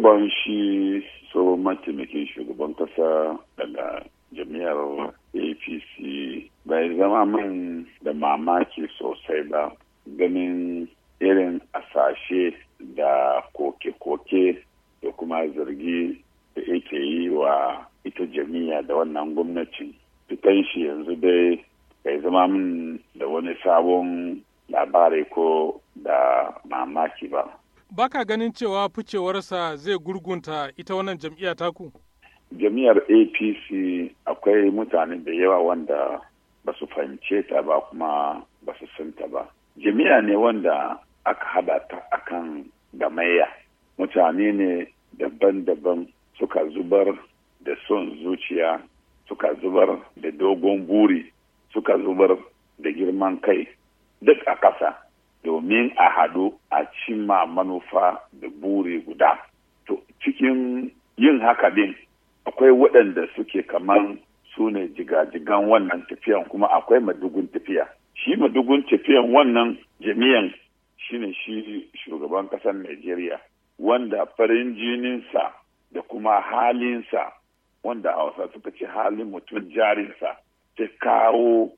to shi tsohon mataimakin shugaban kasa daga jami'ar apc bai zama man da mamaki sosai ba ganin irin asashe da koke-koke da kuma zargi da yake yi wa ita jami'a da wannan gwamnatin fitan shi yanzu dai bai zama min da wani sabon labarai ko da mamaki ba baka ganin cewa ficewarsa zai gurgunta ita wannan jam'iyyar taku? Jam'iyyar APC akwai mutane da yawa wanda ba su fahimce ta ba kuma ba su san ta ba. jam'i'a ne wanda aka hada ta akan gamayya. Mutane ne daban-daban suka zubar da son zuciya, suka zubar da dogon buri, suka zubar da girman kai duk a ƙasa. domin a haɗu a cimma manufa da buri guda. To cikin yin haka din akwai waɗanda suke kamar su ne jigajigan wannan tafiyan kuma akwai madugun tafiya. Shi madugun tafiyan wannan jami'an shine shi shugaban ƙasar Najeriya wanda farin jininsa da kuma halinsa wanda a wasa suka ce halin mutum jarinsa ta kawo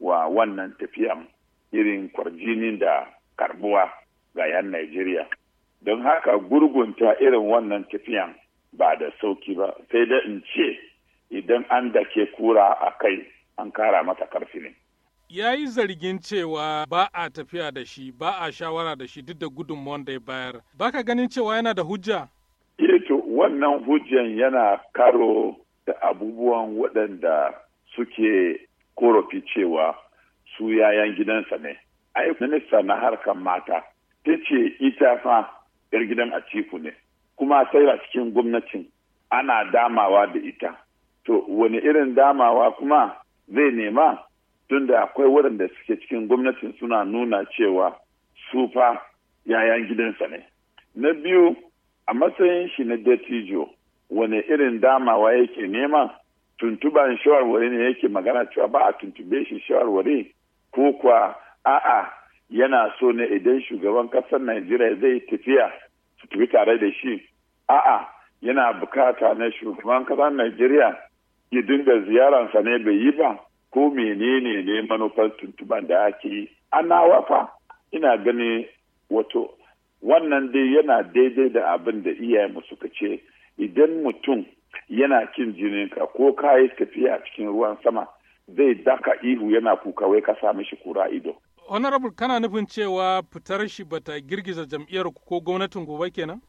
wa wannan tafiyan irin kwarjini da karbuwa ga 'yan Najeriya. Don haka gurgunta irin wannan tafiyan ba da sauki ba, sai da in ce idan an dake kura a kai an kara mata karfi ne. Ya yi zargin cewa ba a tafiya da shi, ba a shawara da shi duk da gudunmawan da ya bayar. Ba ka ganin cewa yana da hujja? Ito eh wannan hujjan yana karo da abubuwan waɗanda suke korofi cewa su yayan gidansa ne ai minista na harkar mata ta ce ita fa yar gidan atiku ne kuma sai a cikin gwamnatin ana damawa da ita to wani irin damawa kuma zai nema tunda akwai waɗanda suke cikin gwamnatin suna nuna cewa su fa yayan gidansa ne na biyu a matsayin shi na dattijo wani irin damawa yake nema tuntuban shawarwari ne yake magana cewa ba a tuntube shi shawarwari ko kuwa a'a yana so ne idan shugaban kasar Najeriya zai tafiya su tafi tare da shi a'a yana bukata na shugaban kasar Najeriya ya dinga ziyararsa ne bai yi ba ko menene ne manufar tuntuban da ake yi ana wafa ina gani wato wannan dai yana daidai da abin da iyayenmu suka ce idan mutum yana kin jinin ka ko ka yi tafiya cikin ruwan sama zai daka ihu yana kuka wai ka sami shi kura ido. Honorable kana nufin cewa fitar shi bata girgiza jam'iyyar ko gwamnatin gobe kenan?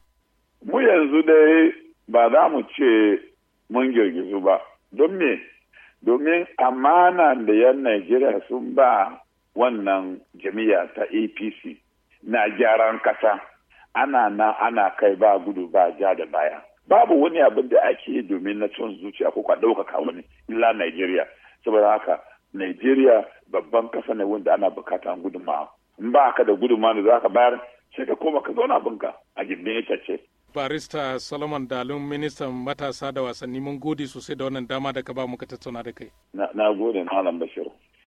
Mu yanzu dai ba za mu ce mun girgizu ba. Don me? Domin amana da yan Najeriya sun ba wannan jami'a ta APC na gyaran kasa. Ana na ana kai ba gudu ba ja da baya. babu wani abin da ake yi domin na son zuciya ko kwa ɗaukaka wani illa Najeriya saboda haka Najeriya babban ƙasa ne wanda ana bukata gudunmawa in ba ka da gudunmawa da za ka bayar sai ka koma ka zauna abinka a gindin itace. Barista Solomon Dalun ministan matasa da wasanni mun gode sosai da wannan dama da ka ba muka tattauna da kai. Na gode n'a Malam bashiru.